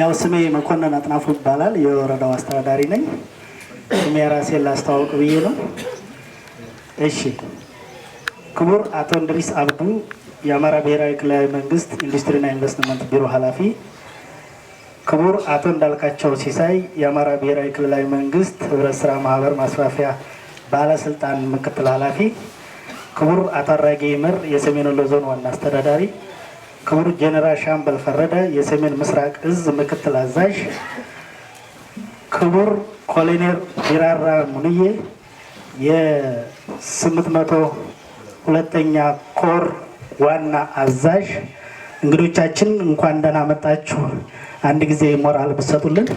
ያው ስሜ መኮንን አጥናፉ ይባላል። የወረዳው አስተዳዳሪ ነኝ። ስሜ ራሴን ላስተዋውቅ ብዬ ነው። እሺ፣ ክቡር አቶ እንድሪስ አብዱ የአማራ ብሔራዊ ክልላዊ መንግስት ኢንዱስትሪና ኢንቨስትመንት ቢሮ ኃላፊ፣ ክቡር አቶ እንዳልካቸው ሲሳይ የአማራ ብሔራዊ ክልላዊ መንግስት ህብረት ስራ ማህበር ማስፋፊያ ባለስልጣን ምክትል ኃላፊ፣ ክቡር አቶ አራጌ ይመር የሰሜን ወሎ ዞን ዋና አስተዳዳሪ ክቡር ጀነራል ሻምበል ፈረደ የሰሜን ምስራቅ እዝ ምክትል አዛዥ፣ ክቡር ኮሎኔል ቢራራ ሙንዬ የስምንት መቶ ሁለተኛ ኮር ዋና አዛዥ፣ እንግዶቻችን እንኳን ደህና መጣችሁ። አንድ ጊዜ ሞራል ብሰጡልን።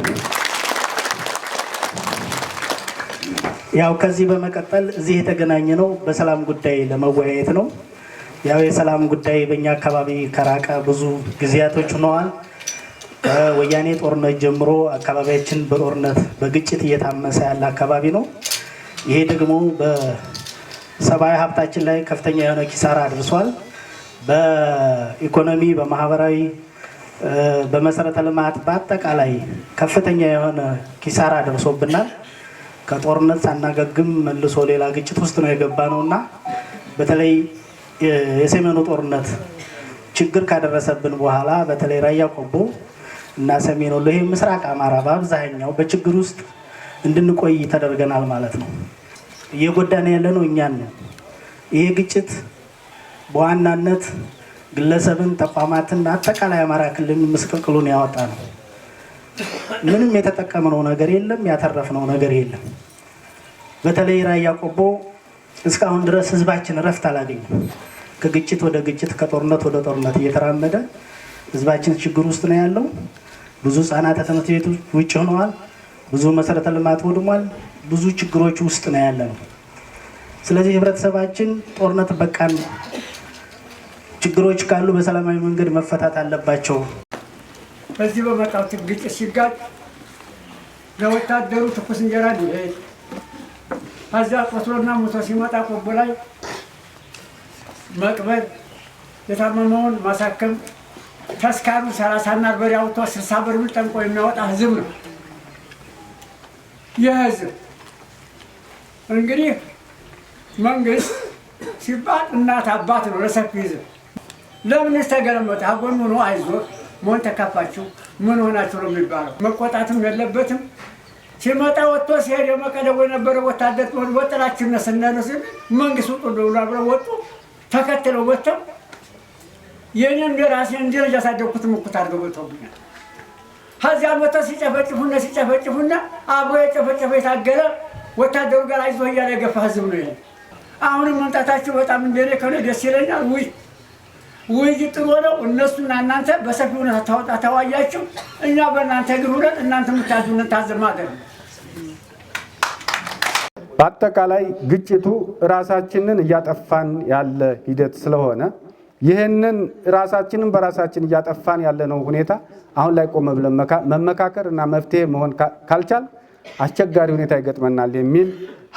ያው ከዚህ በመቀጠል እዚህ የተገናኘ ነው በሰላም ጉዳይ ለመወያየት ነው። ያው የሰላም ጉዳይ በእኛ አካባቢ ከራቀ ብዙ ጊዜያቶች ሆነዋል። ወያኔ ጦርነት ጀምሮ አካባቢያችን በጦርነት በግጭት እየታመሰ ያለ አካባቢ ነው። ይሄ ደግሞ በሰብአዊ ሀብታችን ላይ ከፍተኛ የሆነ ኪሳራ አድርሷል። በኢኮኖሚ፣ በማህበራዊ፣ በመሰረተ ልማት በአጠቃላይ ከፍተኛ የሆነ ኪሳራ ደርሶብናል። ከጦርነት ሳናገግም መልሶ ሌላ ግጭት ውስጥ ነው የገባ ነው እና በተለይ የሰሜኑ ጦርነት ችግር ካደረሰብን በኋላ በተለይ ራያ ቆቦ እና ሰሜን ወሎ ምስራቅ አማራ በአብዛኛው በችግር ውስጥ እንድንቆይ ተደርገናል ማለት ነው። እየጎዳን ያለ ነው እኛን ነው። ይሄ ግጭት በዋናነት ግለሰብን፣ ተቋማትን አጠቃላይ አማራ ክልል ምስቅልቅሉን ያወጣ ነው። ምንም የተጠቀምነው ነገር የለም፣ ያተረፍነው ነገር የለም። በተለይ ራያ ቆቦ እስካሁን ድረስ ህዝባችን እረፍት አላገኘም። ከግጭት ወደ ግጭት ከጦርነት ወደ ጦርነት እየተራመደ ህዝባችን ችግር ውስጥ ነው ያለው። ብዙ ህጻናት ከትምህርት ቤት ውጭ ሆነዋል። ብዙ መሰረተ ልማት ወድሟል። ብዙ ችግሮች ውስጥ ነው ያለ ነው። ስለዚህ ህብረተሰባችን ጦርነት በቃን፣ ችግሮች ካሉ በሰላማዊ መንገድ መፈታት አለባቸው። በዚህ በመጣ ግጭት ሲጋጭ ለወታደሩ ትኩስ እንጀራ ሊሄድ ከዚያ ቆስሎና ሙቶ ሲመጣ ቆቦ ላይ መቅበር፣ የታመመውን ማሳከም። ተስካሩ ሰላሳና በሬ አውቶ ስልሳ ብር ብል ጠንቆ የሚያወጣ ህዝብ ነው። ይህ ህዝብ እንግዲህ መንግስት ሲባል እናት አባት ነው ለሰፊ ህዝብ። ለምንስ ተገለመጠ? አጎን ምኖ አይዞ መሆን ተካፋችሁ ምን ሆናችሁ ነው የሚባለው። መቆጣትም የለበትም። ሲመጣ ወጥቶ ሲሄድ የመቀደው የነበረ ወታደር ወጥላችሁ ነስነነ መንግስት ውጡ ብሎ ብለው ወጡ። ተከትለው ወጥተው የእኔ እንደራሴ እንደልጅ ያሳደግኩት ምኩት አድርገው ወጥተውብኛል። ከዚያ ወጥተው ሲጨፈጭፉና ሲጨፈጭፉና አብሮ የጨፈጨፈ የታገለ ወታደሩ ጋር አይዞ እያለ የገፋ ህዝብ ነው። ይሄ አሁንም መምጣታቸው በጣም እንደኔ ከሆነ ደስ ይለኛል። ውይ ውይይት ጥሩ ነው። እነሱና እናንተ በሰፊ ሁኔታ ታወጣ ተዋያችሁ፣ እኛ በእናንተ እግር እናንተ የምታዙንን ታዘብ ማድረግ በአጠቃላይ ግጭቱ ራሳችንን እያጠፋን ያለ ሂደት ስለሆነ ይህንን ራሳችንን በራሳችን እያጠፋን ያለነው ሁኔታ አሁን ላይ ቆመ ብለን መመካከር እና መፍትሄ መሆን ካልቻል አስቸጋሪ ሁኔታ ይገጥመናል የሚል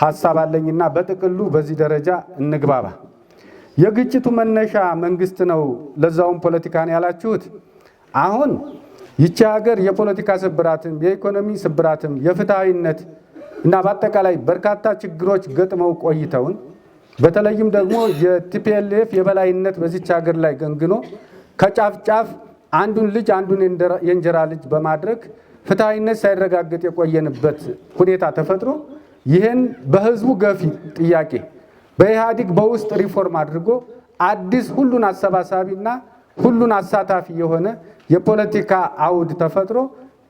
ሀሳብ አለኝና በጥቅሉ በዚህ ደረጃ እንግባባ። የግጭቱ መነሻ መንግስት ነው፣ ለዛውም ፖለቲካን ያላችሁት አሁን ይቺ ሀገር የፖለቲካ ስብራትም የኢኮኖሚ ስብራትም የፍትሐዊነት እና በአጠቃላይ በርካታ ችግሮች ገጥመው ቆይተውን በተለይም ደግሞ የቲፒኤልኤፍ የበላይነት በዚች ሀገር ላይ ገንግኖ ከጫፍ ጫፍ አንዱን ልጅ አንዱን የእንጀራ ልጅ በማድረግ ፍትሐዊነት ሳይረጋገጥ የቆየንበት ሁኔታ ተፈጥሮ ይህን በህዝቡ ገፊ ጥያቄ በኢህአዲግ በውስጥ ሪፎርም አድርጎ አዲስ ሁሉን አሰባሳቢና ሁሉን አሳታፊ የሆነ የፖለቲካ አውድ ተፈጥሮ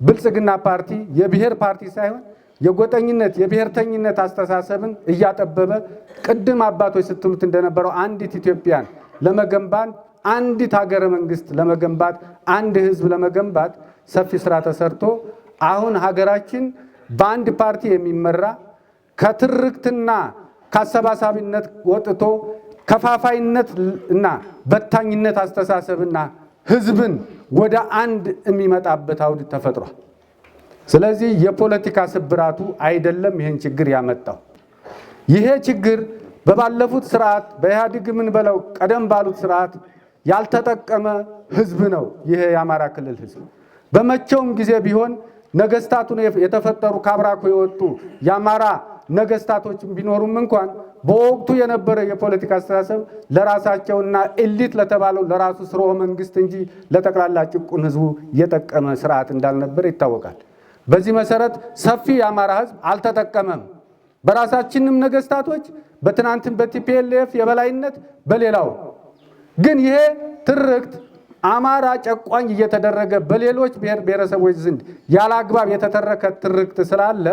ብልጽግና ፓርቲ የብሔር ፓርቲ ሳይሆን የጎጠኝነት የብሔርተኝነት አስተሳሰብን እያጠበበ ቅድም አባቶች ስትሉት እንደነበረው አንዲት ኢትዮጵያን ለመገንባት አንዲት ሀገረ መንግስት ለመገንባት አንድ ህዝብ ለመገንባት ሰፊ ስራ ተሰርቶ አሁን ሀገራችን በአንድ ፓርቲ የሚመራ ከትርክትና ከአሰባሳቢነት ወጥቶ ከፋፋይነት እና በታኝነት አስተሳሰብና ህዝብን ወደ አንድ የሚመጣበት አውድ ተፈጥሯል። ስለዚህ የፖለቲካ ስብራቱ አይደለም ይህን ችግር ያመጣው። ይሄ ችግር በባለፉት ስርዓት በኢህአዲግ ምን በለው ቀደም ባሉት ስርዓት ያልተጠቀመ ህዝብ ነው። ይሄ የአማራ ክልል ህዝብ በመቼውም ጊዜ ቢሆን ነገስታቱን የተፈጠሩ ከአብራኮ የወጡ የአማራ ነገስታቶች ቢኖሩም እንኳን በወቅቱ የነበረ የፖለቲካ አስተሳሰብ ለራሳቸውና ኤሊት ለተባለው ለራሱ ስርወ መንግስት እንጂ ለጠቅላላ ጭቁን ህዝቡ የጠቀመ ስርዓት እንዳልነበረ ይታወቃል። በዚህ መሰረት ሰፊ የአማራ ህዝብ አልተጠቀመም። በራሳችንም ነገስታቶች በትናንትም በቲፒኤልኤፍ የበላይነት በሌላው ግን ይሄ ትርክት አማራ ጨቋኝ እየተደረገ በሌሎች ብሔር ብሔረሰቦች ዘንድ ያለ አግባብ የተተረከ ትርክት ስላለ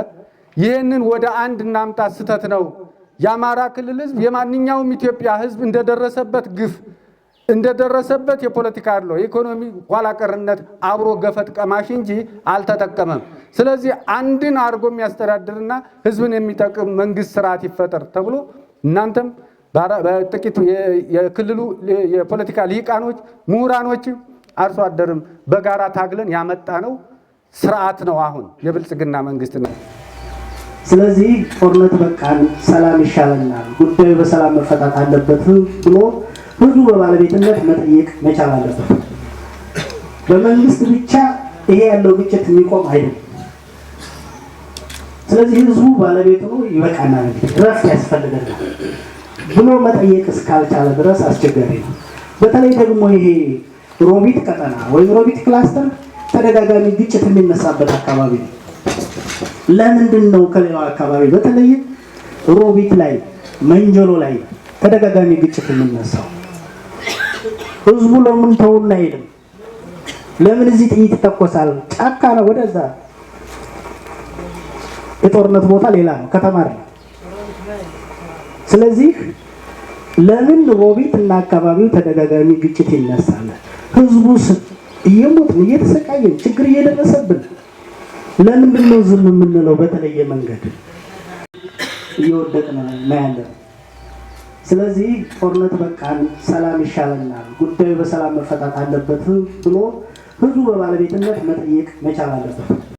ይህንን ወደ አንድ እናምጣ፣ ስተት ነው። የአማራ ክልል ህዝብ የማንኛውም ኢትዮጵያ ህዝብ እንደደረሰበት ግፍ እንደደረሰበት የፖለቲካ አድሎ የኢኮኖሚ ኋላቀርነት አብሮ ገፈት ቀማሽ እንጂ አልተጠቀመም። ስለዚህ አንድን አድርጎ የሚያስተዳድርና ህዝብን የሚጠቅም መንግስት ስርዓት ይፈጠር ተብሎ እናንተም ጥቂቱ የክልሉ የፖለቲካ ሊቃኖች፣ ምሁራኖች አርሶ አደርም በጋራ ታግለን ያመጣ ነው ስርዓት ነው አሁን የብልጽግና መንግስት ነው። ስለዚህ ጦርነት በቃን፣ ሰላም ይሻለናል፣ ጉዳዩ በሰላም መፈታት አለበት ብሎ ህዝቡ በባለቤትነት መጠየቅ መቻል አለበት። በመንግስት ብቻ ይሄ ያለው ግጭት የሚቆም አይደለም። ስለዚህ ህዝቡ ባለቤት ነው። ይበቃናል፣ እረፍት ያስፈልገናል ብሎ መጠየቅ እስካልቻለ ድረስ አስቸጋሪ ነው። በተለይ ደግሞ ይሄ ሮቢት ቀጠና ወይም ሮቢት ክላስተር ተደጋጋሚ ግጭት የሚነሳበት አካባቢ ነው። ለምንድን ነው ከሌላው አካባቢ በተለይ ሮቢት ላይ መንጀሎ ላይ ተደጋጋሚ ግጭት የምነሳው?። ህዝቡ ለምን ተውና አይልም? ለምን እዚህ ጥይት ይተኮሳል? ጫካ ነው፣ ወደዛ የጦርነት ቦታ ሌላ ነው፣ ከተማ ነው። ስለዚህ ለምን ሮቢት እና አካባቢው ተደጋጋሚ ግጭት ይነሳል? ህዝቡ እየሞትን እየተሰቃየን ችግር እየደረሰብን ለምንድን ነው ዝም የምንለው? በተለየ መንገድ እየወደቅን ነው ስለዚህ ጦርነት በቃን፣ ሰላም ይሻለናል፣ ጉዳዩ በሰላም መፈታት አለበት ብሎ ህዝቡ በባለቤትነት መጠየቅ መቻል አለበት።